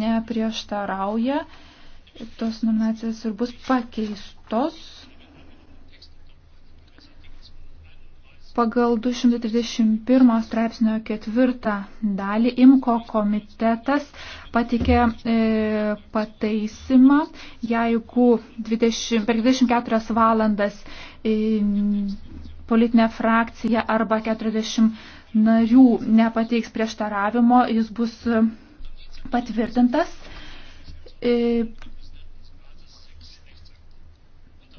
neprieštarauja, tos nominacijos ir bus pakeistos pagal 231 straipsnio ketvirtą dalį IMKO komitetas patikė e, pataisimą, jeigu 20, per 24 valandas e, politinė frakcija arba 40 narių nepateiks prieštaravimo, jis bus patvirtintas. E,